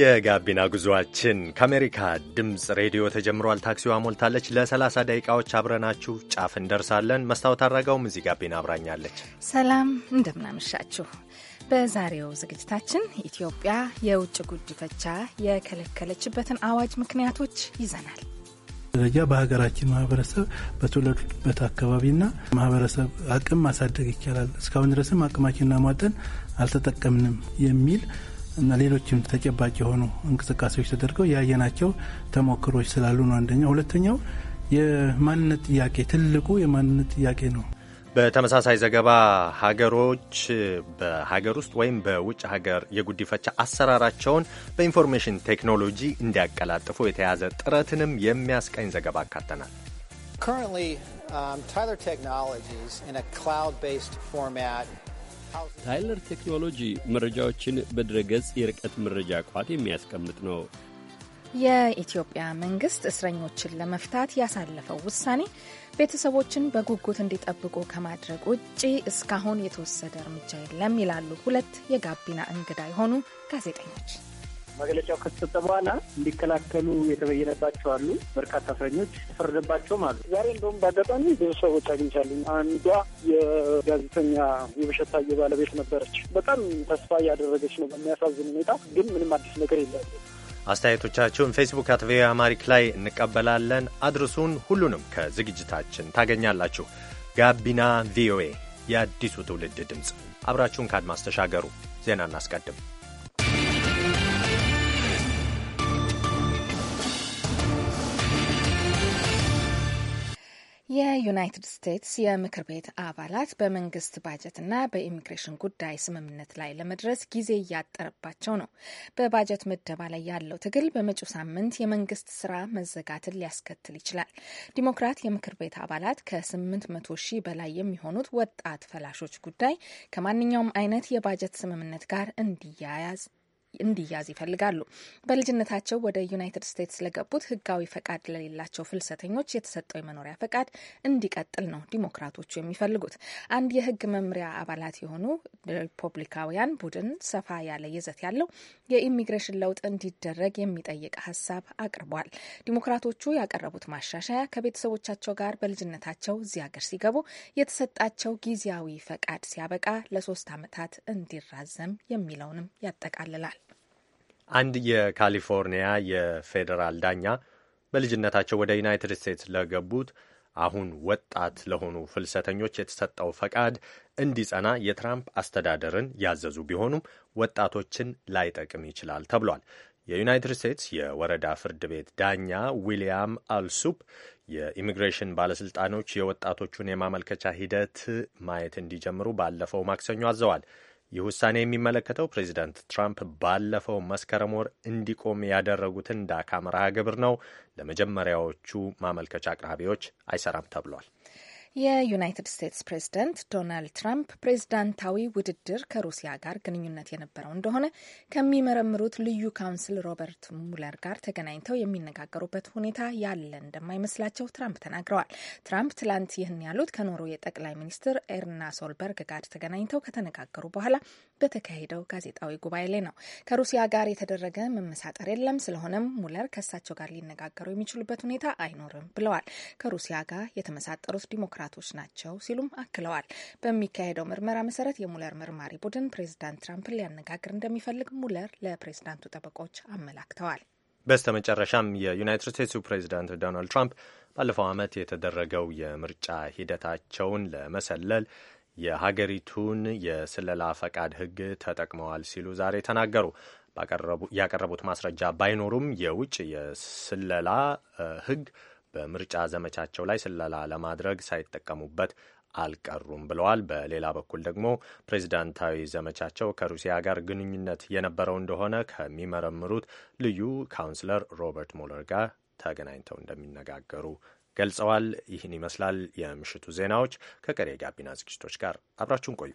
የጋቢና ጉዞአችን ከአሜሪካ ድምፅ ሬዲዮ ተጀምሯል። ታክሲዋ ሞልታለች። ለ30 ደቂቃዎች አብረናችሁ ጫፍ እንደርሳለን። መስታወት አድረጋውም እዚህ ጋቢና አብራኛለች። ሰላም እንደምናመሻችሁ። በዛሬው ዝግጅታችን ኢትዮጵያ የውጭ ጉድፈቻ የከለከለችበትን አዋጅ ምክንያቶች ይዘናል። ደረጃ በሀገራችን ማህበረሰብ በተወለዱበት አካባቢና ማህበረሰብ አቅም ማሳደግ ይቻላል፣ እስካሁን ድረስም አቅማችን አሟጠን አልተጠቀምንም የሚል እና ሌሎችም ተጨባጭ የሆኑ እንቅስቃሴዎች ተደርገው ያየናቸው ተሞክሮች ስላሉ ነው። አንደኛው። ሁለተኛው የማንነት ጥያቄ ትልቁ የማንነት ጥያቄ ነው። በተመሳሳይ ዘገባ ሀገሮች በሀገር ውስጥ ወይም በውጭ ሀገር የጉዲፈቻ አሰራራቸውን በኢንፎርሜሽን ቴክኖሎጂ እንዲያቀላጥፉ የተያዘ ጥረትንም የሚያስቀኝ ዘገባ አካተናል። Currently, um, Tyler Technologies in a cloud-based format ታይለር ቴክኖሎጂ መረጃዎችን በድረገጽ የርቀት መረጃ ቋት የሚያስቀምጥ ነው። የኢትዮጵያ መንግስት እስረኞችን ለመፍታት ያሳለፈው ውሳኔ ቤተሰቦችን በጉጉት እንዲጠብቁ ከማድረግ ውጪ እስካሁን የተወሰደ እርምጃ የለም ይላሉ ሁለት የጋቢና እንግዳ የሆኑ ጋዜጠኞች። መግለጫው ከተሰጠ በኋላ እንዲከላከሉ የተበየነባቸው አሉ። በርካታ እስረኞች ተፈረደባቸውም አሉ። ዛሬ እንደውም በአጋጣሚ ብዙ ሰዎች አግኝቻለኝ። አንዷ የጋዜጠኛ የበሸታየ ባለቤት ነበረች። በጣም ተስፋ እያደረገች ነው። በሚያሳዝን ሁኔታ ግን ምንም አዲስ ነገር የለም። አስተያየቶቻችሁን ፌስቡክ አት ቪኦኤ አማሪክ ላይ እንቀበላለን። አድርሱን። ሁሉንም ከዝግጅታችን ታገኛላችሁ። ጋቢና ቪኦኤ የአዲሱ ትውልድ ድምፅ። አብራችሁን ከአድማስ ተሻገሩ። ዜና እናስቀድም። የዩናይትድ ስቴትስ የምክር ቤት አባላት በመንግስት ባጀትና በኢሚግሬሽን ጉዳይ ስምምነት ላይ ለመድረስ ጊዜ እያጠረባቸው ነው። በባጀት ምደባ ላይ ያለው ትግል በመጪው ሳምንት የመንግስት ስራ መዘጋትን ሊያስከትል ይችላል። ዲሞክራት የምክር ቤት አባላት ከ800 ሺህ በላይ የሚሆኑት ወጣት ፈላሾች ጉዳይ ከማንኛውም አይነት የባጀት ስምምነት ጋር እንዲያያዝ እንዲያዝ ይፈልጋሉ። በልጅነታቸው ወደ ዩናይትድ ስቴትስ ለገቡት ህጋዊ ፈቃድ ለሌላቸው ፍልሰተኞች የተሰጠው የመኖሪያ ፈቃድ እንዲቀጥል ነው ዲሞክራቶቹ የሚፈልጉት። አንድ የህግ መምሪያ አባላት የሆኑ ሪፐብሊካውያን ቡድን ሰፋ ያለ ይዘት ያለው የኢሚግሬሽን ለውጥ እንዲደረግ የሚጠይቅ ሀሳብ አቅርቧል። ዲሞክራቶቹ ያቀረቡት ማሻሻያ ከቤተሰቦቻቸው ጋር በልጅነታቸው እዚህ ሀገር ሲገቡ የተሰጣቸው ጊዜያዊ ፈቃድ ሲያበቃ ለሶስት ዓመታት እንዲራዘም የሚለውንም ያጠቃልላል። አንድ የካሊፎርኒያ የፌዴራል ዳኛ በልጅነታቸው ወደ ዩናይትድ ስቴትስ ለገቡት አሁን ወጣት ለሆኑ ፍልሰተኞች የተሰጠው ፈቃድ እንዲጸና የትራምፕ አስተዳደርን ያዘዙ ቢሆኑም ወጣቶችን ላይጠቅም ይችላል ተብሏል። የዩናይትድ ስቴትስ የወረዳ ፍርድ ቤት ዳኛ ዊሊያም አልሱፕ የኢሚግሬሽን ባለስልጣኖች የወጣቶቹን የማመልከቻ ሂደት ማየት እንዲጀምሩ ባለፈው ማክሰኞ አዘዋል። ይህ ውሳኔ የሚመለከተው ፕሬዚዳንት ትራምፕ ባለፈው መስከረም ወር እንዲቆም ያደረጉትን ዳካ መርሃ ግብር ነው። ለመጀመሪያዎቹ ማመልከቻ አቅራቢዎች አይሰራም ተብሏል። የዩናይትድ ስቴትስ ፕሬዝደንት ዶናልድ ትራምፕ ፕሬዝዳንታዊ ውድድር ከሩሲያ ጋር ግንኙነት የነበረው እንደሆነ ከሚመረምሩት ልዩ ካውንስል ሮበርት ሙለር ጋር ተገናኝተው የሚነጋገሩበት ሁኔታ ያለ እንደማይመስላቸው ትራምፕ ተናግረዋል። ትራምፕ ትላንት ይህን ያሉት ከኖሮ ጠቅላይ ሚኒስትር ኤርና ሶልበርግ ጋር ተገናኝተው ከተነጋገሩ በኋላ በተካሄደው ጋዜጣዊ ጉባኤ ላይ ነው። ከሩሲያ ጋር የተደረገ መመሳጠር የለም፣ ስለሆነም ሙለር ከእሳቸው ጋር ሊነጋገሩ የሚችሉበት ሁኔታ አይኖርም ብለዋል። ከሩሲያ ጋር የተመሳጠሩት ዲሞክራ ጥቃቶች ናቸው ሲሉም አክለዋል። በሚካሄደው ምርመራ መሰረት የሙለር ምርማሪ ቡድን ፕሬዚዳንት ትራምፕን ሊያነጋግር እንደሚፈልግ ሙለር ለፕሬዚዳንቱ ጠበቆች አመላክተዋል። በስተ መጨረሻም የዩናይትድ ስቴትሱ ፕሬዚዳንት ዶናልድ ትራምፕ ባለፈው ዓመት የተደረገው የምርጫ ሂደታቸውን ለመሰለል የሀገሪቱን የስለላ ፈቃድ ሕግ ተጠቅመዋል ሲሉ ዛሬ ተናገሩ። ያቀረቡት ማስረጃ ባይኖሩም የውጭ የስለላ ሕግ በምርጫ ዘመቻቸው ላይ ስለላ ለማድረግ ሳይጠቀሙበት አልቀሩም ብለዋል። በሌላ በኩል ደግሞ ፕሬዚዳንታዊ ዘመቻቸው ከሩሲያ ጋር ግንኙነት የነበረው እንደሆነ ከሚመረምሩት ልዩ ካውንስለር ሮበርት ሙለር ጋር ተገናኝተው እንደሚነጋገሩ ገልጸዋል። ይህን ይመስላል የምሽቱ ዜናዎች። ከቀሪ የጋቢና ዝግጅቶች ጋር አብራችሁን ቆዩ።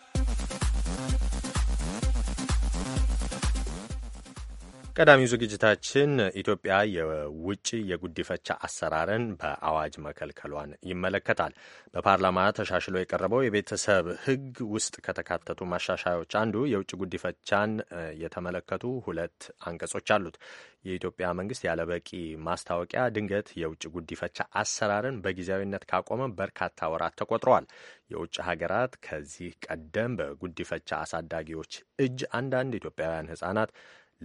ቀዳሚው ዝግጅታችን ኢትዮጵያ የውጭ የጉዲፈቻ አሰራርን በአዋጅ መከልከሏን ይመለከታል። በፓርላማ ተሻሽሎ የቀረበው የቤተሰብ ሕግ ውስጥ ከተካተቱ ማሻሻዮች አንዱ የውጭ ጉዲፈቻን የተመለከቱ ሁለት አንቀጾች አሉት። የኢትዮጵያ መንግስት ያለበቂ ማስታወቂያ ድንገት የውጭ ጉዲፈቻ አሰራርን በጊዜያዊነት ካቆመ በርካታ ወራት ተቆጥረዋል። የውጭ ሀገራት ከዚህ ቀደም በጉዲፈቻ አሳዳጊዎች እጅ አንዳንድ ኢትዮጵያውያን ህጻናት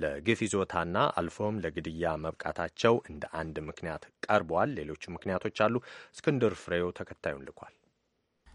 ለግፍ ይዞታና አልፎም ለግድያ መብቃታቸው እንደ አንድ ምክንያት ቀርቧል። ሌሎቹ ምክንያቶች አሉ። እስክንድር ፍሬው ተከታዩን ልኳል።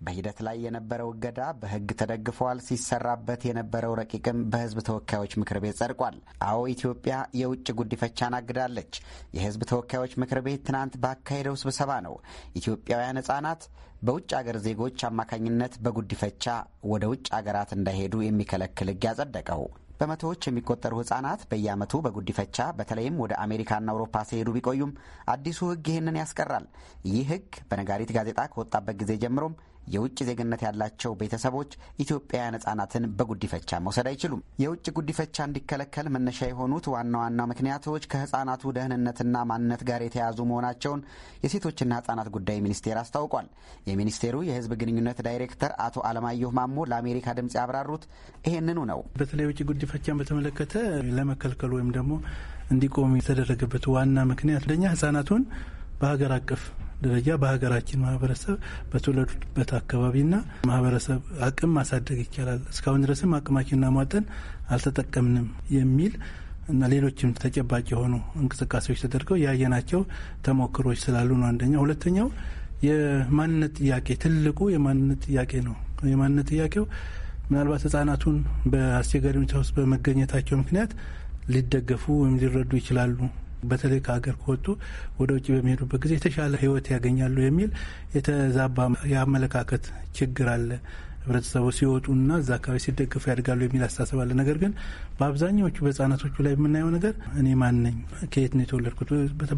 በሂደት ላይ የነበረው እገዳ በሕግ ተደግፏል። ሲሰራበት የነበረው ረቂቅም በሕዝብ ተወካዮች ምክር ቤት ጸድቋል። አዎ ኢትዮጵያ የውጭ ጉዲፈቻን አግዳለች። የሕዝብ ተወካዮች ምክር ቤት ትናንት ባካሄደው ስብሰባ ነው ኢትዮጵያውያን ሕጻናት በውጭ አገር ዜጎች አማካኝነት በጉዲፈቻ ወደ ውጭ አገራት እንዳይሄዱ የሚከለክል ሕግ ያጸደቀው። በመቶዎች የሚቆጠሩ ህጻናት በየአመቱ በጉዲፈቻ በተለይም ወደ አሜሪካና አውሮፓ ሲሄዱ ቢቆዩም አዲሱ ህግ ይህንን ያስቀራል። ይህ ህግ በነጋሪት ጋዜጣ ከወጣበት ጊዜ ጀምሮም የውጭ ዜግነት ያላቸው ቤተሰቦች ኢትዮጵያውያን ህጻናትን በጉዲፈቻ መውሰድ አይችሉም። የውጭ ጉዲፈቻ እንዲከለከል መነሻ የሆኑት ዋና ዋና ምክንያቶች ከህጻናቱ ደህንነትና ማንነት ጋር የተያዙ መሆናቸውን የሴቶችና ህጻናት ጉዳይ ሚኒስቴር አስታውቋል። የሚኒስቴሩ የህዝብ ግንኙነት ዳይሬክተር አቶ አለማየሁ ማሞ ለአሜሪካ ድምጽ ያብራሩት ይሄንኑ ነው። በተለይ የውጭ ጉዲፈቻን በተመለከተ ለመከልከል ወይም ደግሞ እንዲቆም የተደረገበት ዋና ምክንያት ለእኛ ህጻናቱን በሀገር አቀፍ ደረጃ በሀገራችን ማህበረሰብ በተወለዱበት አካባቢና ማህበረሰብ አቅም ማሳደግ ይቻላል፣ እስካሁን ድረስም አቅማችንን አሟጠን አልተጠቀምንም የሚል እና ሌሎችም ተጨባጭ የሆኑ እንቅስቃሴዎች ተደርገው ያየናቸው ተሞክሮች ስላሉ ነው። አንደኛው። ሁለተኛው የማንነት ጥያቄ ትልቁ የማንነት ጥያቄ ነው። የማንነት ጥያቄው ምናልባት ህጻናቱን በአስቸጋሪ ሁኔታ ውስጥ በመገኘታቸው ምክንያት ሊደገፉ ወይም ሊረዱ ይችላሉ በተለይ ከሀገር ከወጡ ወደ ውጭ በሚሄዱበት ጊዜ የተሻለ ህይወት ያገኛሉ የሚል የተዛባ የአመለካከት ችግር አለ። ህብረተሰቡ ሲወጡና እዛ አካባቢ ሲደገፉ ያድጋሉ የሚል አስተሳሰብ አለ። ነገር ግን በአብዛኛዎቹ በህጻናቶቹ ላይ የምናየው ነገር እኔ ማን ነኝ፣ ከየት ነው የተወለድኩት፣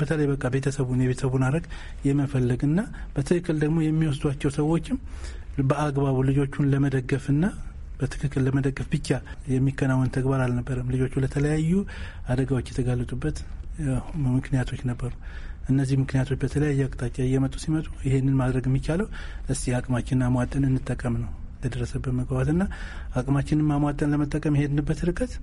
በተለይ በቃ ቤተሰቡን የቤተሰቡን የመፈለግ የመፈለግና በትክክል ደግሞ የሚወስዷቸው ሰዎችም በአግባቡ ልጆቹን ለመደገፍና በትክክል ለመደገፍ ብቻ የሚከናወን ተግባር አልነበረም። ልጆቹ ለተለያዩ አደጋዎች የተጋለጡበት ምክንያቶች ነበሩ። እነዚህ ምክንያቶች በተለያየ አቅጣጫ እየመጡ ሲመጡ ይህንን ማድረግ የሚቻለው እስቲ አቅማችንን አሟጠን እንጠቀም ነው። ለደረሰበት መግባባትና አቅማችንን ማሟጠን ለመጠቀም የሄድንበት ርቀት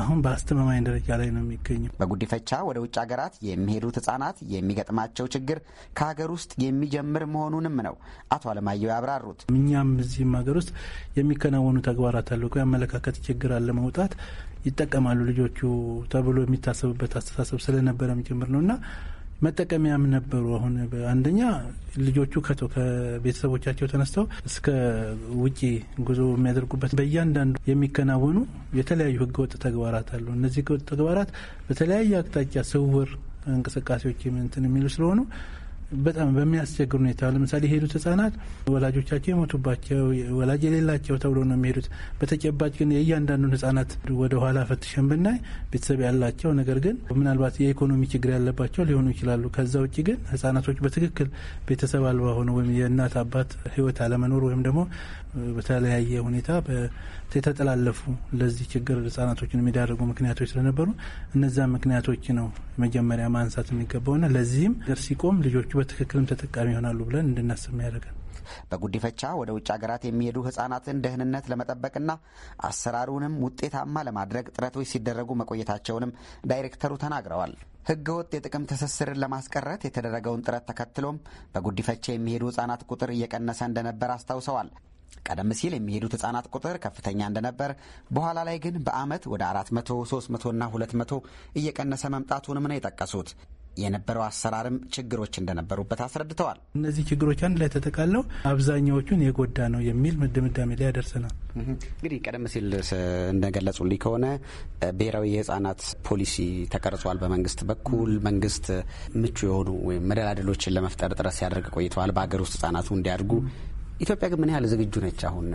አሁን በአስተማማኝ ደረጃ ላይ ነው የሚገኘው። በጉዲፈቻ ወደ ውጭ ሀገራት የሚሄዱት ህጻናት የሚገጥማቸው ችግር ከሀገር ውስጥ የሚጀምር መሆኑንም ነው አቶ አለማየሁ ያብራሩት። እኛም እዚህም ሀገር ውስጥ የሚከናወኑ ተግባራት አሉ። የአመለካከት ችግር አለ መውጣት ይጠቀማሉ ልጆቹ ተብሎ የሚታሰብበት አስተሳሰብ ስለነበረ ጭምር ነው እና መጠቀሚያም ነበሩ። አሁን አንደኛ ልጆቹ ከቶ ከቤተሰቦቻቸው ተነስተው እስከ ውጪ ጉዞ የሚያደርጉበት በእያንዳንዱ የሚከናወኑ የተለያዩ ህገወጥ ተግባራት አሉ። እነዚህ ህገወጥ ተግባራት በተለያየ አቅጣጫ ስውር እንቅስቃሴዎች ምንትን የሚሉ ስለሆኑ በጣም በሚያስቸግር ሁኔታ ለምሳሌ የሄዱት ህጻናት ወላጆቻቸው የሞቱባቸው ወላጅ የሌላቸው ተብሎ ነው የሚሄዱት። በተጨባጭ ግን የእያንዳንዱን ህጻናት ወደ ኋላ ፈትሸን ብናይ ቤተሰብ ያላቸው ነገር ግን ምናልባት የኢኮኖሚ ችግር ያለባቸው ሊሆኑ ይችላሉ። ከዛ ውጭ ግን ህጻናቶች በትክክል ቤተሰብ አልባ ሆነው ወይም የእናት አባት ህይወት አለመኖር ወይም ደግሞ በተለያየ ሁኔታ የተጠላለፉ ለዚህ ችግር ህጻናቶችን የሚዳርጉ ምክንያቶች ስለነበሩ እነዛ ምክንያቶች ነው መጀመሪያ ማንሳት የሚገባውና ለዚህም ገር ሲቆም ልጆቹ በትክክልም ተጠቃሚ ይሆናሉ ብለን እንድናስብ ያደርጋል። በጉዲፈቻ ወደ ውጭ ሀገራት የሚሄዱ ህጻናትን ደህንነት ለመጠበቅና አሰራሩንም ውጤታማ ለማድረግ ጥረቶች ሲደረጉ መቆየታቸውንም ዳይሬክተሩ ተናግረዋል። ህገወጥ የጥቅም ትስስርን ለማስቀረት የተደረገውን ጥረት ተከትሎም በጉዲፈቻ የሚሄዱ ህጻናት ቁጥር እየቀነሰ እንደነበር አስታውሰዋል። ቀደም ሲል የሚሄዱት ህጻናት ቁጥር ከፍተኛ እንደነበር በኋላ ላይ ግን በአመት ወደ 400፣ 300 እና 200 እየቀነሰ መምጣቱንም ነው የጠቀሱት። የነበረው አሰራርም ችግሮች እንደነበሩበት አስረድተዋል። እነዚህ ችግሮች አንድ ላይ ተጠቃለው አብዛኛዎቹን የጎዳ ነው የሚል ድምዳሜ ላይ ያደርሰናል። እንግዲህ ቀደም ሲል እንደገለጹልኝ ከሆነ ብሔራዊ የህጻናት ፖሊሲ ተቀርጿል በመንግስት በኩል። መንግስት ምቹ የሆኑ ወይም መደላደሎችን ለመፍጠር ጥረት ሲያደርግ ቆይተዋል። በሀገር ውስጥ ህጻናቱ እንዲያድጉ ኢትዮጵያ ግን ምን ያህል ዝግጁ ነች? አሁን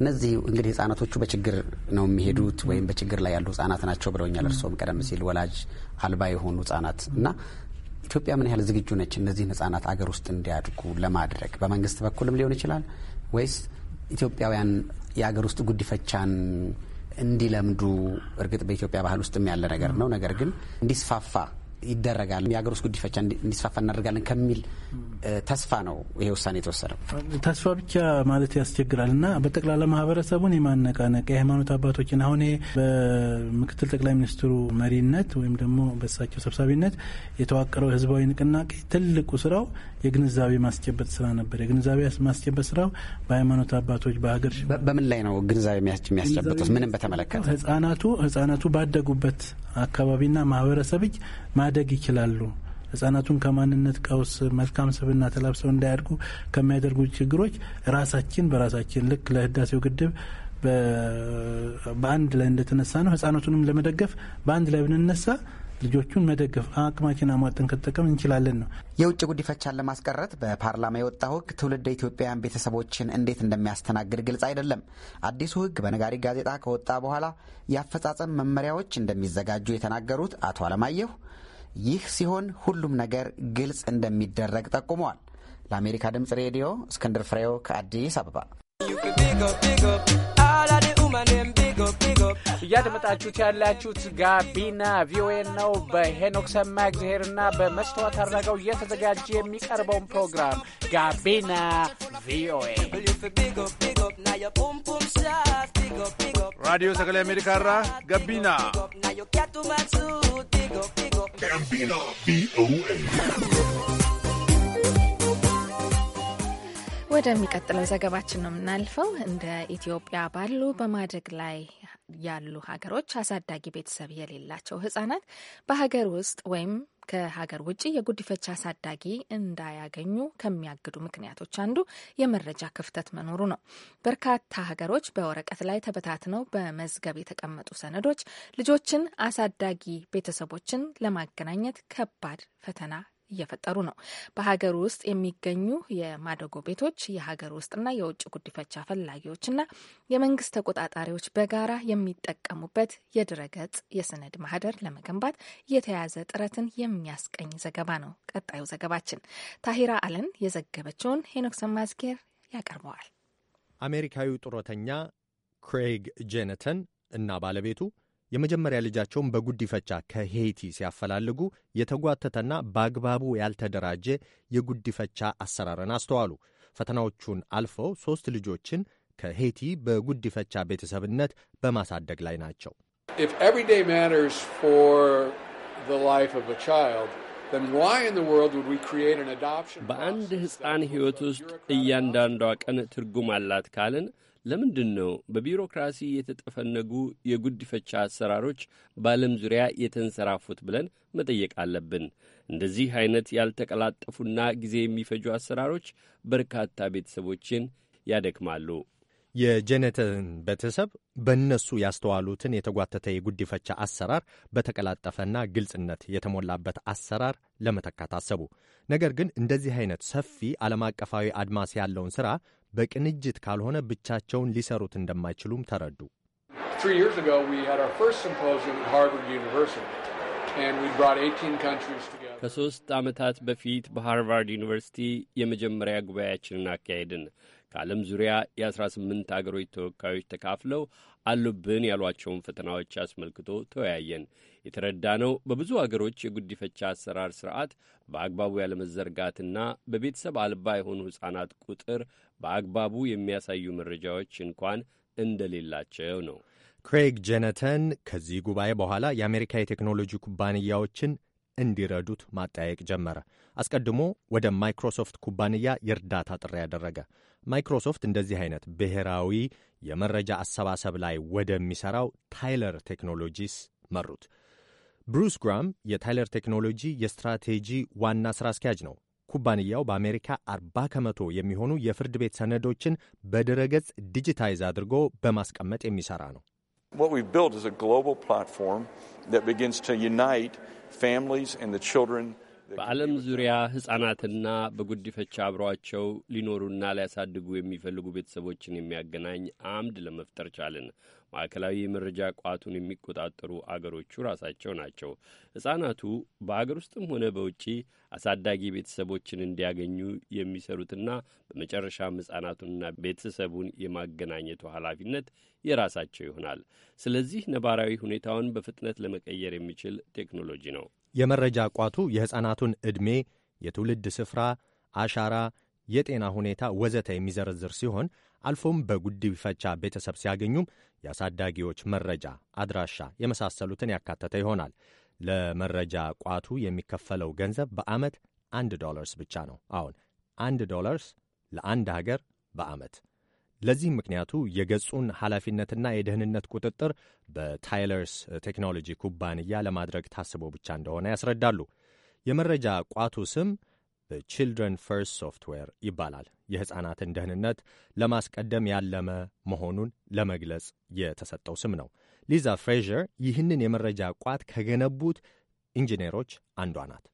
እነዚህ እንግዲህ ህጻናቶቹ በችግር ነው የሚሄዱት ወይም በችግር ላይ ያሉ ህጻናት ናቸው ብለውኛል። እርስዎም ቀደም ሲል ወላጅ አልባ የሆኑ ህጻናት እና ኢትዮጵያ ምን ያህል ዝግጁ ነች እነዚህን ህጻናት አገር ውስጥ እንዲያድጉ ለማድረግ በመንግስት በኩልም ሊሆን ይችላል ወይስ ኢትዮጵያውያን የአገር ውስጥ ጉዲፈቻን እንዲለምዱ እርግጥ በኢትዮጵያ ባህል ውስጥም ያለ ነገር ነው። ነገር ግን እንዲስፋፋ ይደረጋል፣ የሀገር ውስጥ ጉዲፈቻ እንዲስፋፋ እናደርጋለን ከሚል ተስፋ ነው ይሄ ውሳኔ የተወሰደው። ተስፋ ብቻ ማለት ያስቸግራል እና በጠቅላላ ማህበረሰቡን የማነቃነቅ የሃይማኖት አባቶችን አሁን በምክትል ጠቅላይ ሚኒስትሩ መሪነት ወይም ደግሞ በሳቸው ሰብሳቢነት የተዋቀረው ህዝባዊ ንቅናቄ ትልቁ ስራው የግንዛቤ ማስጨበጥ ስራ ነበር። የግንዛቤ ማስጨበጥ ስራው በሃይማኖት አባቶች በሀገር በምን ላይ ነው ግንዛቤ የሚያስጨበጡት? ምንም በተመለከተ ህጻናቱ ህጻናቱ ባደጉበት አካባቢና ማህበረሰብ እጅ ማደግ ይችላሉ። ህጻናቱን ከማንነት ቀውስ መልካም ስብና ተላብሰው እንዳያድጉ ከሚያደርጉ ችግሮች ራሳችን በራሳችን ልክ ለህዳሴው ግድብ በአንድ ላይ እንደተነሳ ነው ህጻናቱንም ለመደገፍ በአንድ ላይ ብንነሳ ልጆቹን መደገፍ አቅማችን አሟጠን ከተጠቀም እንችላለን ነው። የውጭ ጉዲፈቻን ለማስቀረት በፓርላማ የወጣው ህግ ትውልደ ኢትዮጵያውያን ቤተሰቦችን እንዴት እንደሚያስተናግድ ግልጽ አይደለም። አዲሱ ህግ በነጋሪ ጋዜጣ ከወጣ በኋላ የአፈጻጸም መመሪያዎች እንደሚዘጋጁ የተናገሩት አቶ አለማየሁ ይህ ሲሆን ሁሉም ነገር ግልጽ እንደሚደረግ ጠቁመዋል። ለአሜሪካ ድምፅ ሬዲዮ እስክንድር ፍሬው ከአዲስ አበባ። እያደመጣችሁት ያላችሁት ጋቢና ቪኦኤ ነው። በሄኖክ ሰማ እግዚአብሔርና በመስተዋት አድረገው እየተዘጋጀ የሚቀርበውን ፕሮግራም ጋቢና ቪኦኤ Radio Sagale America Sagalee Ameerikaa irraa Gabbina. ወደሚቀጥለው ዘገባችን ነው የምናልፈው። እንደ ኢትዮጵያ ባሉ በማደግ ላይ ያሉ ሀገሮች አሳዳጊ ቤተሰብ የሌላቸው ህጻናት በሀገር ውስጥ ወይም ከሀገር ውጭ የጉዲፈቻ አሳዳጊ እንዳያገኙ ከሚያግዱ ምክንያቶች አንዱ የመረጃ ክፍተት መኖሩ ነው። በርካታ ሀገሮች በወረቀት ላይ ተበታትነው በመዝገብ የተቀመጡ ሰነዶች ልጆችን፣ አሳዳጊ ቤተሰቦችን ለማገናኘት ከባድ ፈተና እየፈጠሩ ነው። በሀገር ውስጥ የሚገኙ የማደጎ ቤቶች የሀገር ውስጥና የውጭ ጉዲፈቻ ፈላጊዎችና የመንግስት ተቆጣጣሪዎች በጋራ የሚጠቀሙበት የድረገጽ የሰነድ ማህደር ለመገንባት የተያዘ ጥረትን የሚያስቀኝ ዘገባ ነው። ቀጣዩ ዘገባችን ታሂራ አለን የዘገበችውን ሄኖክ ሰማዝጌር ያቀርበዋል። አሜሪካዊ ጡረተኛ ክሬግ ጄነተን እና ባለቤቱ የመጀመሪያ ልጃቸውን በጉዲፈቻ ከሄይቲ ሲያፈላልጉ የተጓተተና በአግባቡ ያልተደራጀ የጉዲፈቻ አሰራርን አስተዋሉ። ፈተናዎቹን አልፈው ሦስት ልጆችን ከሄይቲ በጉዲፈቻ ቤተሰብነት በማሳደግ ላይ ናቸው። በአንድ ሕፃን ሕይወት ውስጥ እያንዳንዷ ቀን ትርጉም አላት ካልን ለምንድን ነው በቢሮክራሲ የተጠፈነጉ የጉድፈቻ አሰራሮች በዓለም ዙሪያ የተንሰራፉት ብለን መጠየቅ አለብን። እንደዚህ አይነት ያልተቀላጠፉና ጊዜ የሚፈጁ አሰራሮች በርካታ ቤተሰቦችን ያደክማሉ። የጀነተን ቤተሰብ በእነሱ ያስተዋሉትን የተጓተተ የጉዲፈቻ አሰራር በተቀላጠፈና ግልጽነት የተሞላበት አሰራር ለመተካት አሰቡ። ነገር ግን እንደዚህ አይነት ሰፊ ዓለም አቀፋዊ አድማስ ያለውን ሥራ በቅንጅት ካልሆነ ብቻቸውን ሊሰሩት እንደማይችሉም ተረዱ። ከሶስት ዓመታት በፊት በሃርቫርድ ዩኒቨርሲቲ የመጀመሪያ ጉባኤያችንን አካሄድን። ከዓለም ዙሪያ የ1ራ8 አገሮች ተወካዮች ተካፍለው አሉብን ያሏቸውን ፈተናዎች አስመልክቶ ተወያየን። የተረዳነው በብዙ አገሮች የጉዲፈቻ አሰራር ስርዓት በአግባቡ ያለመዘርጋትና በቤተሰብ አልባ የሆኑ ሕፃናት ቁጥር በአግባቡ የሚያሳዩ መረጃዎች እንኳን እንደሌላቸው ነው። ክሬግ ጀነተን ከዚህ ጉባኤ በኋላ የአሜሪካ የቴክኖሎጂ ኩባንያዎችን እንዲረዱት ማጠያየቅ ጀመረ። አስቀድሞ ወደ ማይክሮሶፍት ኩባንያ የእርዳታ ጥሪ ያደረገ። ማይክሮሶፍት እንደዚህ አይነት ብሔራዊ የመረጃ አሰባሰብ ላይ ወደሚሠራው ታይለር ቴክኖሎጂስ መሩት። ብሩስ ግራም የታይለር ቴክኖሎጂ የስትራቴጂ ዋና ሥራ አስኪያጅ ነው። ኩባንያው በአሜሪካ 40 ከመቶ የሚሆኑ የፍርድ ቤት ሰነዶችን በድረገጽ ዲጂታይዝ አድርጎ በማስቀመጥ የሚሰራ ነው። በዓለም ዙሪያ ሕፃናትና በጉዲፈቻ አብሯቸው ሊኖሩና ሊያሳድጉ የሚፈልጉ ቤተሰቦችን የሚያገናኝ አምድ ለመፍጠር ቻልን። ማዕከላዊ የመረጃ ቋቱን የሚቆጣጠሩ አገሮቹ ራሳቸው ናቸው። ሕፃናቱ በአገር ውስጥም ሆነ በውጪ አሳዳጊ ቤተሰቦችን እንዲያገኙ የሚሰሩትና በመጨረሻም ሕፃናቱንና ቤተሰቡን የማገናኘቱ ኃላፊነት የራሳቸው ይሆናል። ስለዚህ ነባራዊ ሁኔታውን በፍጥነት ለመቀየር የሚችል ቴክኖሎጂ ነው። የመረጃ ቋቱ የሕፃናቱን ዕድሜ፣ የትውልድ ስፍራ፣ አሻራ፣ የጤና ሁኔታ ወዘተ የሚዘረዝር ሲሆን አልፎም በጉዲፈቻ ቤተሰብ ሲያገኙም የአሳዳጊዎች መረጃ፣ አድራሻ የመሳሰሉትን ያካተተ ይሆናል። ለመረጃ ቋቱ የሚከፈለው ገንዘብ በዓመት አንድ ዶላርስ ብቻ ነው። አሁን አንድ ዶላርስ ለአንድ ሀገር በዓመት። ለዚህም ምክንያቱ የገጹን ኃላፊነትና የደህንነት ቁጥጥር በታይለርስ ቴክኖሎጂ ኩባንያ ለማድረግ ታስቦ ብቻ እንደሆነ ያስረዳሉ። የመረጃ ቋቱ ስም ቺልድረን ፈርስት ሶፍትዌር ይባላል። የሕፃናትን ደህንነት ለማስቀደም ያለመ መሆኑን ለመግለጽ የተሰጠው ስም ነው። ሊዛ ፍሬዥር ይህንን የመረጃ ቋት ከገነቡት ኢንጂነሮች አንዷ ናት።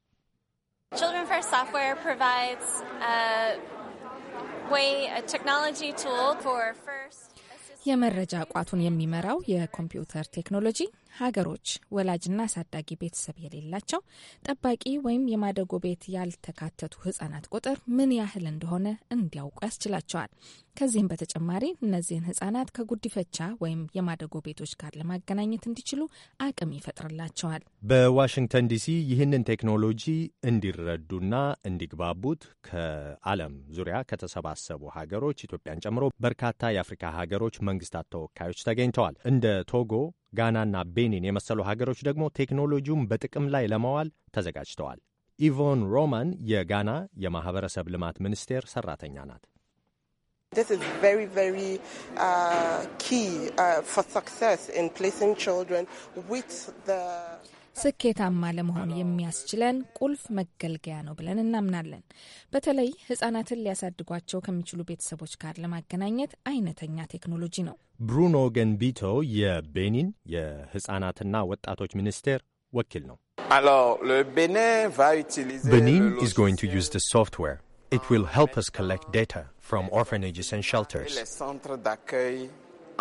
የመረጃ ቋቱን የሚመራው የኮምፒውተር ቴክኖሎጂ ሀገሮች ወላጅና አሳዳጊ ቤተሰብ የሌላቸው ጠባቂ ወይም የማደጎ ቤት ያልተካተቱ ህጻናት ቁጥር ምን ያህል እንደሆነ እንዲያውቁ ያስችላቸዋል። ከዚህም በተጨማሪ እነዚህን ህጻናት ከጉዲፈቻ ወይም የማደጎ ቤቶች ጋር ለማገናኘት እንዲችሉ አቅም ይፈጥርላቸዋል። በዋሽንግተን ዲሲ ይህንን ቴክኖሎጂ እንዲረዱና እንዲግባቡት ከዓለም ዙሪያ ከተሰባሰቡ ሀገሮች ኢትዮጵያን ጨምሮ በርካታ የአፍሪካ ሀገሮች መንግስታት ተወካዮች ተገኝተዋል። እንደ ቶጎ ጋናና ቤኒን የመሰሉ ሀገሮች ደግሞ ቴክኖሎጂውን በጥቅም ላይ ለማዋል ተዘጋጅተዋል። ኢቮን ሮማን የጋና የማኅበረሰብ ልማት ሚኒስቴር ሠራተኛ ናት። ስኬታማ ለመሆን የሚያስችለን ቁልፍ መገልገያ ነው ብለን እናምናለን። በተለይ ህጻናትን ሊያሳድጓቸው ከሚችሉ ቤተሰቦች ጋር ለማገናኘት አይነተኛ ቴክኖሎጂ ነው። ብሩኖ ገንቢቶ የቤኒን የህጻናትና ወጣቶች ሚኒስቴር ወኪል ነው። ቤኒን is going to use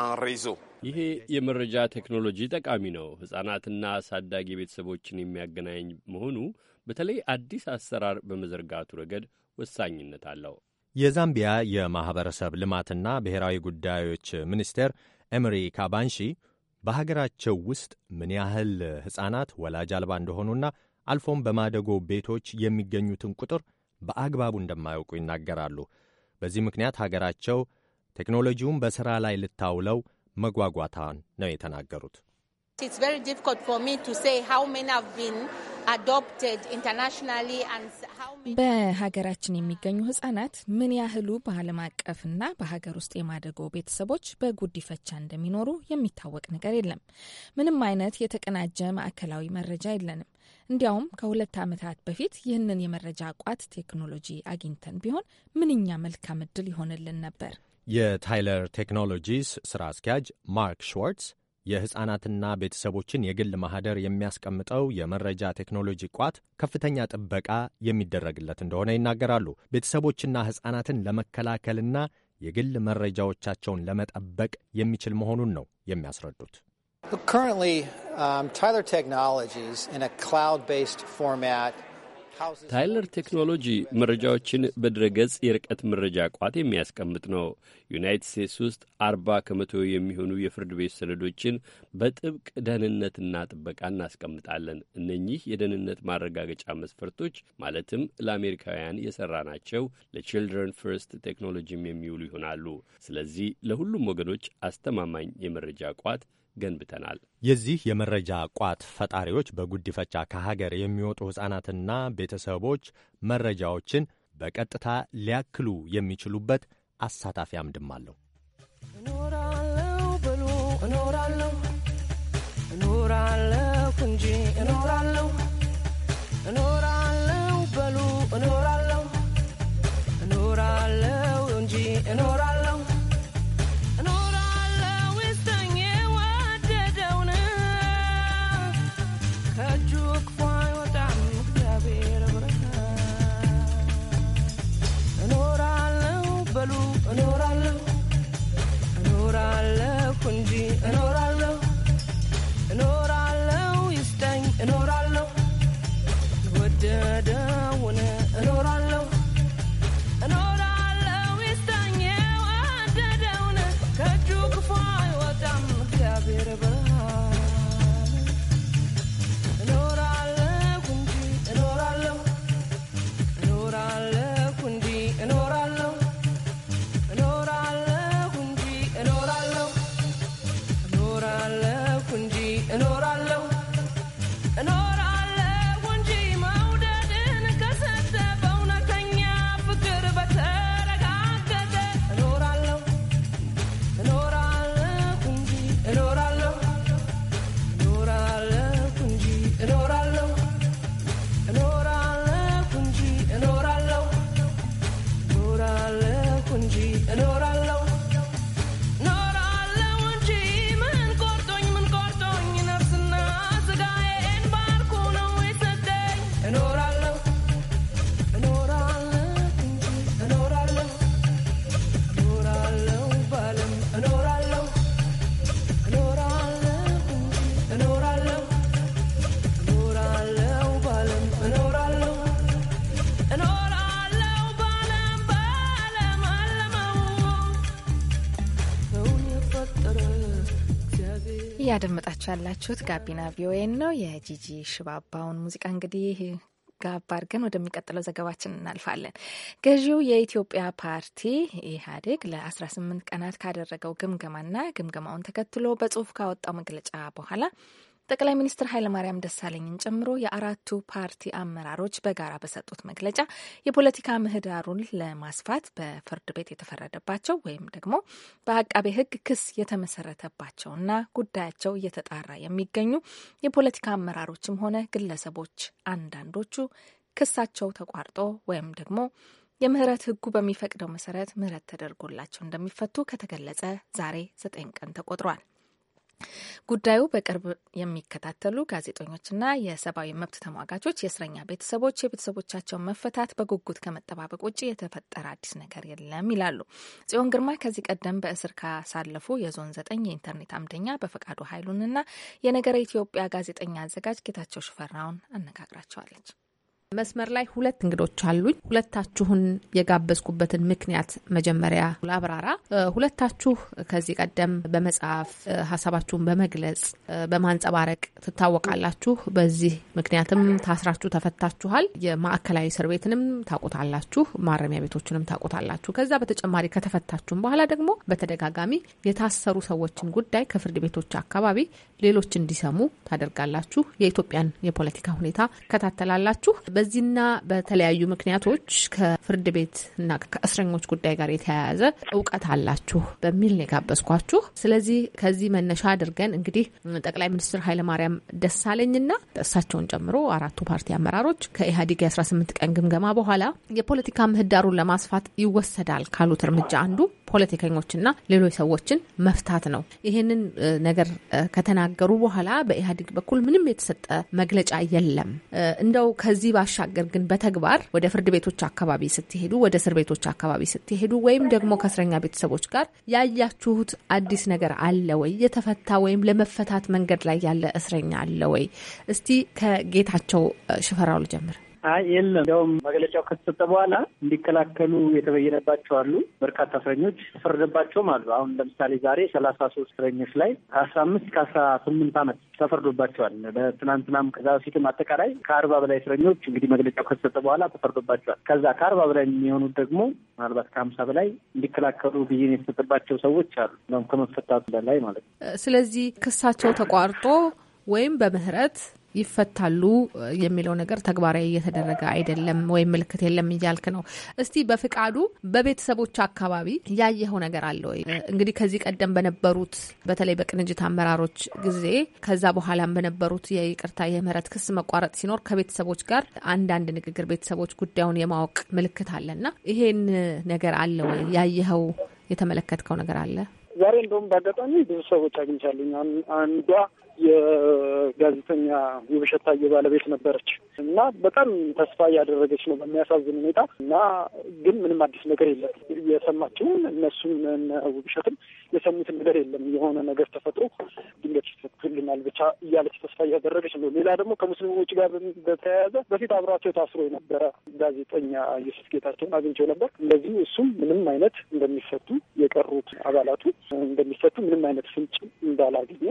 un ይሄ የመረጃ ቴክኖሎጂ ጠቃሚ ነው። ሕጻናትና አሳዳጊ ቤተሰቦችን የሚያገናኝ መሆኑ በተለይ አዲስ አሰራር በመዘርጋቱ ረገድ ወሳኝነት አለው። የዛምቢያ የማኅበረሰብ ልማትና ብሔራዊ ጉዳዮች ሚኒስቴር ኤምሪ ካባንሺ በሀገራቸው ውስጥ ምን ያህል ሕፃናት ወላጅ አልባ እንደሆኑና አልፎም በማደጎ ቤቶች የሚገኙትን ቁጥር በአግባቡ እንደማያውቁ ይናገራሉ። በዚህ ምክንያት ሀገራቸው ቴክኖሎጂውን በሥራ ላይ ልታውለው መጓጓታን ነው የተናገሩት። በሀገራችን የሚገኙ ህጻናት ምን ያህሉ በዓለም አቀፍና በሀገር ውስጥ የማደጎ ቤተሰቦች በጉዲፈቻ እንደሚኖሩ የሚታወቅ ነገር የለም። ምንም አይነት የተቀናጀ ማዕከላዊ መረጃ የለንም። እንዲያውም ከሁለት ዓመታት በፊት ይህንን የመረጃ ቋት ቴክኖሎጂ አግኝተን ቢሆን ምንኛ መልካም እድል ይሆንልን ነበር። የታይለር ቴክኖሎጂስ ሥራ አስኪያጅ ማርክ ሽዋርትስ የሕፃናትና ቤተሰቦችን የግል ማኅደር የሚያስቀምጠው የመረጃ ቴክኖሎጂ ቋት ከፍተኛ ጥበቃ የሚደረግለት እንደሆነ ይናገራሉ። ቤተሰቦችና ሕፃናትን ለመከላከልና የግል መረጃዎቻቸውን ለመጠበቅ የሚችል መሆኑን ነው የሚያስረዱት። Currently, um, Tyler Technologies in a cloud-based format ታይለር ቴክኖሎጂ መረጃዎችን በድረገጽ የርቀት መረጃ ቋት የሚያስቀምጥ ነው። ዩናይትድ ስቴትስ ውስጥ አርባ ከመቶ የሚሆኑ የፍርድ ቤት ሰነዶችን በጥብቅ ደህንነትና ጥበቃ እናስቀምጣለን። እነኚህ የደህንነት ማረጋገጫ መስፈርቶች ማለትም ለአሜሪካውያን የሰራ ናቸው ለችልድረን ፍርስት ቴክኖሎጂም የሚውሉ ይሆናሉ። ስለዚህ ለሁሉም ወገኖች አስተማማኝ የመረጃ ቋት ገንብተናል። የዚህ የመረጃ ቋት ፈጣሪዎች በጉዲፈቻ ከሀገር የሚወጡ ሕፃናትና ቤተሰቦች መረጃዎችን በቀጥታ ሊያክሉ የሚችሉበት አሳታፊ አምድም አለው። እያደመጣችሁ ያላችሁት ጋቢና ቪኦኤን ነው። የጂጂ ሽባባውን ሙዚቃ እንግዲህ ጋባር ግን ወደሚቀጥለው ዘገባችን እናልፋለን። ገዢው የኢትዮጵያ ፓርቲ ኢህአዴግ ለ18 ቀናት ካደረገው ግምገማና ግምገማውን ተከትሎ በጽሁፍ ካወጣው መግለጫ በኋላ ጠቅላይ ሚኒስትር ኃይለማርያም ደሳለኝን ጨምሮ የአራቱ ፓርቲ አመራሮች በጋራ በሰጡት መግለጫ የፖለቲካ ምህዳሩን ለማስፋት በፍርድ ቤት የተፈረደባቸው ወይም ደግሞ በአቃቤ ሕግ ክስ የተመሰረተባቸውና ጉዳያቸው እየተጣራ የሚገኙ የፖለቲካ አመራሮችም ሆነ ግለሰቦች አንዳንዶቹ ክሳቸው ተቋርጦ ወይም ደግሞ የምህረት ህጉ በሚፈቅደው መሰረት ምህረት ተደርጎላቸው እንደሚፈቱ ከተገለጸ ዛሬ ዘጠኝ ቀን ተቆጥሯል። ጉዳዩ በቅርብ የሚከታተሉ ጋዜጠኞችና የሰብአዊ መብት ተሟጋቾች፣ የእስረኛ ቤተሰቦች የቤተሰቦቻቸውን መፈታት በጉጉት ከመጠባበቅ ውጭ የተፈጠረ አዲስ ነገር የለም ይላሉ። ጽዮን ግርማ ከዚህ ቀደም በእስር ካሳለፉ የዞን ዘጠኝ የኢንተርኔት አምደኛ በፈቃዱ ኃይሉንና የነገረ ኢትዮጵያ ጋዜጠኛ አዘጋጅ ጌታቸው ሽፈራውን አነጋግራቸዋለች። መስመር ላይ ሁለት እንግዶች አሉኝ። ሁለታችሁን የጋበዝኩበትን ምክንያት መጀመሪያ ላብራራ። ሁለታችሁ ከዚህ ቀደም በመጽሐፍ ሀሳባችሁን በመግለጽ በማንጸባረቅ ትታወቃላችሁ። በዚህ ምክንያትም ታስራችሁ ተፈታችኋል። የማዕከላዊ እስር ቤትንም ታውቁታላችሁ፣ ማረሚያ ቤቶችንም ታውቁታላችሁ። ከዛ በተጨማሪ ከተፈታችሁም በኋላ ደግሞ በተደጋጋሚ የታሰሩ ሰዎችን ጉዳይ ከፍርድ ቤቶች አካባቢ ሌሎች እንዲሰሙ ታደርጋላችሁ። የኢትዮጵያን የፖለቲካ ሁኔታ ትከታተላላችሁ። በዚህና በተለያዩ ምክንያቶች ከፍርድ ቤት እና ከእስረኞች ጉዳይ ጋር የተያያዘ እውቀት አላችሁ በሚል ነው የጋበዝኳችሁ። ስለዚህ ከዚህ መነሻ አድርገን እንግዲህ ጠቅላይ ሚኒስትር ኃይለማርያም ደሳለኝና እሳቸውን ጨምሮ አራቱ ፓርቲ አመራሮች ከኢህአዴግ የ18 ቀን ግምገማ በኋላ የፖለቲካ ምህዳሩን ለማስፋት ይወሰዳል ካሉት እርምጃ አንዱ ፖለቲከኞችና ሌሎች ሰዎችን መፍታት ነው። ይህንን ነገር ከተና ከተናገሩ በኋላ በኢህአዴግ በኩል ምንም የተሰጠ መግለጫ የለም። እንደው ከዚህ ባሻገር ግን በተግባር ወደ ፍርድ ቤቶች አካባቢ ስትሄዱ፣ ወደ እስር ቤቶች አካባቢ ስትሄዱ ወይም ደግሞ ከእስረኛ ቤተሰቦች ጋር ያያችሁት አዲስ ነገር አለ ወይ? የተፈታ ወይም ለመፈታት መንገድ ላይ ያለ እስረኛ አለ ወይ? እስቲ ከጌታቸው ሽፈራው ልጀምር። አይ የለም። እንዲያውም መግለጫው ከተሰጠ በኋላ እንዲከላከሉ የተበየነባቸው አሉ። በርካታ እስረኞች ተፈረደባቸውም አሉ። አሁን ለምሳሌ ዛሬ ሰላሳ ሶስት እስረኞች ላይ ከአስራ አምስት ከአስራ ስምንት አመት ተፈርዶባቸዋል። በትናንትናም ከዛ በፊትም አጠቃላይ ከአርባ በላይ እስረኞች እንግዲህ መግለጫው ከተሰጠ በኋላ ተፈርዶባቸዋል። ከዛ ከአርባ በላይ የሚሆኑት ደግሞ ምናልባት ከሀምሳ በላይ እንዲከላከሉ ብይን የተሰጠባቸው ሰዎች አሉ። ከመፈታቱ በላይ ማለት ነው። ስለዚህ ክሳቸው ተቋርጦ ወይም በምህረት ይፈታሉ የሚለው ነገር ተግባራዊ እየተደረገ አይደለም ወይም ምልክት የለም እያልክ ነው። እስቲ በፍቃዱ በቤተሰቦች አካባቢ ያየኸው ነገር አለ ወይ? እንግዲህ ከዚህ ቀደም በነበሩት በተለይ በቅንጅት አመራሮች ጊዜ ከዛ በኋላም በነበሩት የይቅርታ የምህረት ክስ መቋረጥ ሲኖር ከቤተሰቦች ጋር አንዳንድ ንግግር ቤተሰቦች ጉዳዩን የማወቅ ምልክት አለና ይሄን ነገር አለ ወይ? ያየኸው የተመለከትከው ነገር አለ? ዛሬ እንደውም በአጋጣሚ ብዙ ሰዎች አግኝቻለኝ። አንዷ የጋዜጠኛ ውብሸት ታዬ ባለቤት ነበረች እና በጣም ተስፋ እያደረገች ነው በሚያሳዝን ሁኔታ እና ግን ምንም አዲስ ነገር የለም። የሰማችውን እነሱም ውብሸትም የሰሙትን ነገር የለም። የሆነ ነገር ተፈጥሮ ድንገት ይፈቱልናል ብቻ እያለች ተስፋ እያደረገች ነው። ሌላ ደግሞ ከሙስሊሞች ጋር በተያያዘ በፊት አብሯቸው ታስሮ የነበረ ጋዜጠኛ ኢየሱስ ጌታቸውን አግኝቸው ነበር። እንደዚህ እሱም ምንም አይነት እንደሚፈቱ የቀሩት አባላቱ እንደሚፈቱ ምንም አይነት ፍንጭ እንዳላገኘ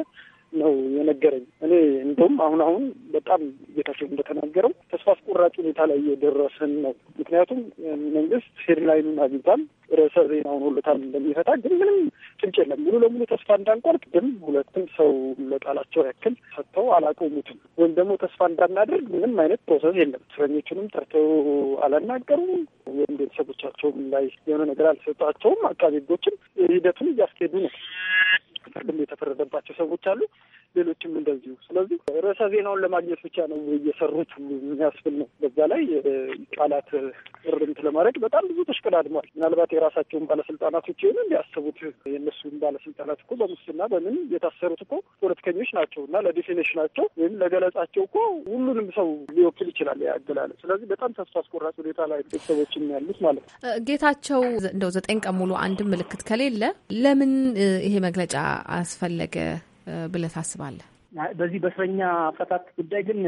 ነው የነገረኝ። እኔ እንደውም አሁን አሁን በጣም ጌታቸው እንደተናገረው ተስፋ አስቆራጭ ሁኔታ ላይ እየደረስን ነው። ምክንያቱም መንግስት ሄድላይኑን አግኝቷል፣ ርዕሰ ዜናውን ሁለታል እንደሚፈታ ግን ምንም ጭንጭ የለም። ሙሉ ለሙሉ ተስፋ እንዳንቆርጥ ግን ሁለትም ሰው ለቃላቸው ያክል ሰጥተው አላቆሙትም። ወይም ደግሞ ተስፋ እንዳናደርግ ምንም አይነት ፕሮሰስ የለም። እስረኞቹንም ጠርተው አላናገሩም፣ ወይም ቤተሰቦቻቸውም ላይ የሆነ ነገር አልሰጣቸውም። አቃቤ ህጎችም ሂደቱን እያስኬዱ ነው። ፍርድም የተፈረደባቸው ሰዎች አሉ። ሌሎችም እንደዚሁ። ስለዚህ ርዕሰ ዜናውን ለማግኘት ብቻ ነው እየሰሩት የሚያስብል ነው። በዛ ላይ ቃላት እርምት ለማድረግ በጣም ብዙ ተሽቀዳድሟል። ምናልባት የራሳቸውን ባለስልጣናቶች ይሆን እንዲያስቡት የእነሱን ባለስልጣናት እኮ በሙስና በምን የታሰሩት እኮ ፖለቲከኞች ናቸው እና ለዲፊኔሽናቸው ወይም ለገለጻቸው እኮ ሁሉንም ሰው ሊወክል ይችላል ያገላለጽ። ስለዚህ በጣም ተስፋ አስቆራጭ ሁኔታ ላይ ቤተሰቦች ያሉት ማለት ነው። ጌታቸው እንደው ዘጠኝ ቀን ሙሉ አንድም ምልክት ከሌለ ለምን ይሄ መግለጫ አስፈለገ ብለህ ታስባለህ? በዚህ በእስረኛ አፈታት ጉዳይ ግን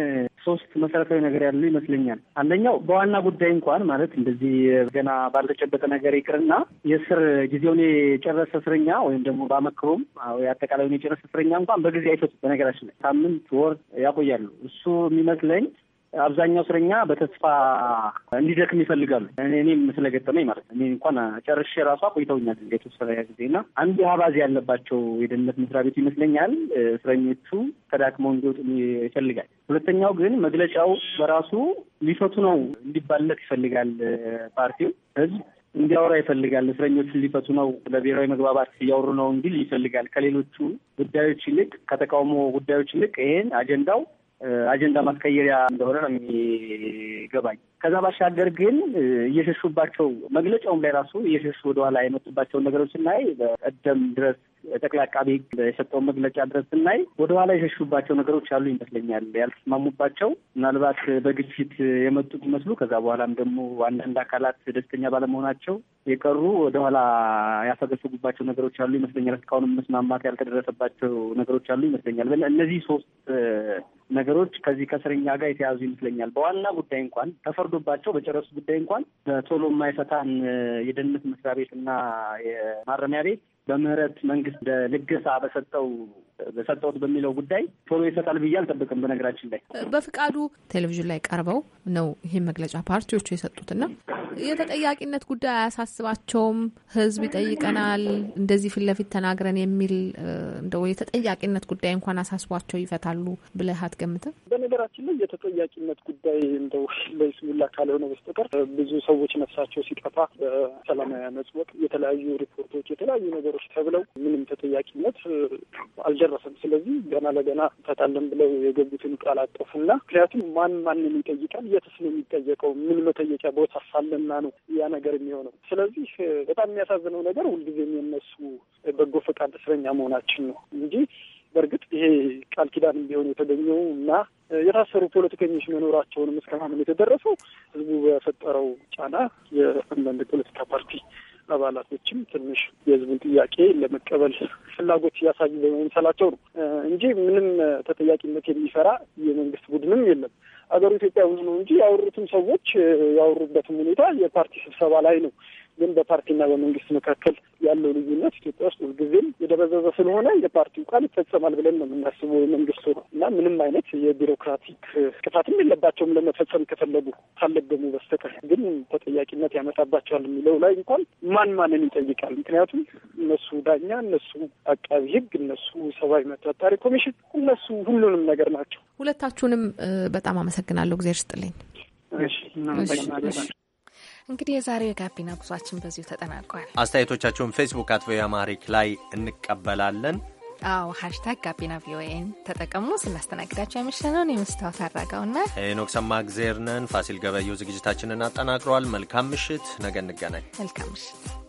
ሶስት መሰረታዊ ነገር ያሉ ይመስለኛል። አንደኛው በዋና ጉዳይ እንኳን ማለት እንደዚህ ገና ባልተጨበጠ ነገር ይቅርና የእስር ጊዜውን የጨረሰ እስረኛ ወይም ደግሞ በአመክሮም አጠቃላይን የጨረሰ እስረኛ እንኳን በጊዜ አይፈቱ። በነገራችን ላይ ሳምንት፣ ወር ያቆያሉ። እሱ የሚመስለኝ አብዛኛው እስረኛ በተስፋ እንዲደክም ይፈልጋሉ። እኔም ስለገጠመኝ ማለት ነው። እኔ እንኳን ጨርሼ ራሷ ቆይተውኛል የተወሰነ ጊዜ እና አንድ አባዜ ያለባቸው የደህንነት መስሪያ ቤቱ ይመስለኛል እስረኞቹ ተዳክመው እንዲወጡ ይፈልጋል። ሁለተኛው ግን መግለጫው በራሱ ሊፈቱ ነው እንዲባለት ይፈልጋል። ፓርቲው ህዝብ እንዲያወራ ይፈልጋል። እስረኞቹን ሊፈቱ ነው ለብሔራዊ መግባባት እያወሩ ነው እንዲል ይፈልጋል። ከሌሎቹ ጉዳዮች ይልቅ ከተቃውሞ ጉዳዮች ይልቅ ይሄን አጀንዳው አጀንዳ ማስቀየሪያ እንደሆነ ነው የሚገባኝ። ከዛ ባሻገር ግን እየሸሹባቸው መግለጫውም ላይ ራሱ እየሸሹ ወደኋላ የመጡባቸውን ነገሮች ስናይ በቀደም ድረስ ጠቅላይ አቃቤ ሕግ የሰጠውን መግለጫ ድረስ ስናይ ወደኋላ የሸሹባቸው ነገሮች አሉ ይመስለኛል። ያልተስማሙባቸው ምናልባት በግጭት የመጡት ይመስሉ ከዛ በኋላም ደግሞ አንዳንድ አካላት ደስተኛ ባለመሆናቸው የቀሩ ወደኋላ ያፈገፈጉባቸው ነገሮች አሉ ይመስለኛል። እስካሁንም መስማማት ያልተደረሰባቸው ነገሮች አሉ ይመስለኛል። እነዚህ ሶስት ነገሮች ከዚህ ከእስረኛ ጋር የተያዙ ይመስለኛል። በዋና ጉዳይ እንኳን ተፈርዶባቸው በጨረሱ ጉዳይ እንኳን በቶሎ የማይፈታን የደህንነት መስሪያ ቤት እና የማረሚያ ቤት በምህረት መንግስት ለልገሳ በሰጠው ሰጠሁት በሚለው ጉዳይ ቶሎ ይሰጣል ብዬ አልጠብቅም። በነገራችን ላይ በፍቃዱ ቴሌቪዥን ላይ ቀርበው ነው ይህን መግለጫ ፓርቲዎቹ የሰጡትና የተጠያቂነት ጉዳይ አያሳስባቸውም። ህዝብ ይጠይቀናል፣ እንደዚህ ፊት ለፊት ተናግረን የሚል እንደው የተጠያቂነት ጉዳይ እንኳን አሳስቧቸው ይፈታሉ ብለህ አትገምትም? በነገራችን ላይ የተጠያቂነት ጉዳይ እንደው ለይስሙላ ካልሆነ በስተቀር ብዙ ሰዎች ነፍሳቸው ሲጠፋ በሰላማዊ አመጽ ወቅት የተለያዩ ሪፖርቶች፣ የተለያዩ ነገሮች ተብለው ምንም ተጠያቂነት አልጀ አልደረሰም። ስለዚህ ገና ለገና ፈታለን ብለው የገቡትን ቃል አጠፉና ምክንያቱም ማን ማንን ይጠይቃል? የትስ ነው የሚጠየቀው? ምን መጠየቂያ ቦታ ሳለና ነው ያ ነገር የሚሆነው። ስለዚህ በጣም የሚያሳዝነው ነገር ሁልጊዜም የነሱ በጎ ፈቃድ እስረኛ መሆናችን ነው እንጂ በእርግጥ ይሄ ቃል ኪዳን ቢሆን የተገኘው እና የታሰሩ ፖለቲከኞች መኖራቸውንም እስከ ማመን የተደረሰው ህዝቡ በፈጠረው ጫና የአንዳንድ ፖለቲካ ፓርቲ አባላቶችም ትንሽ የህዝቡን ጥያቄ ለመቀበል ፍላጎት እያሳዩ በመምሰላቸው ነው እንጂ ምንም ተጠያቂነት የሚፈራ የመንግስት ቡድንም የለም። አገሩ ኢትዮጵያ ነው እንጂ ያወሩትም ሰዎች ያወሩበትም ሁኔታ የፓርቲ ስብሰባ ላይ ነው ግን በፓርቲና በመንግስት መካከል ያለው ልዩነት ኢትዮጵያ ውስጥ ሁልጊዜም የደበዘዘ ስለሆነ የፓርቲው ቃል ይፈጸማል ብለን ነው የምናስበው። የመንግስቱ እና ምንም አይነት የቢሮክራቲክ ክፋትም የለባቸውም ለመፈጸም ከፈለጉ ካልለገሙ በስተቀር ግን ተጠያቂነት ያመጣባቸዋል የሚለው ላይ እንኳን ማን ማንን ይጠይቃል? ምክንያቱም እነሱ ዳኛ፣ እነሱ አቃቢ ህግ፣ እነሱ ሰብአዊ መብት አጣሪ ኮሚሽን፣ እነሱ ሁሉንም ነገር ናቸው። ሁለታችሁንም በጣም አመሰግናለሁ። ጊዜ ስጥልኝ። እሺ እንግዲህ የዛሬው የጋቢና ጉዟችን በዚሁ ተጠናቋል። አስተያየቶቻችሁን ፌስቡክ አት ቪኦኤ አማሪክ ላይ እንቀበላለን። አዎ ሀሽታግ ጋቢና ቪኦኤን ተጠቀሙ። ስናስተናግዳቸው የምሽለነውን የመስታወት አድራጋውና ሄኖክ ሰማ ግዜርነን ፋሲል ገበየው ዝግጅታችንን አጠናቅረዋል። መልካም ምሽት። ነገ እንገናኝ። መልካም ምሽት።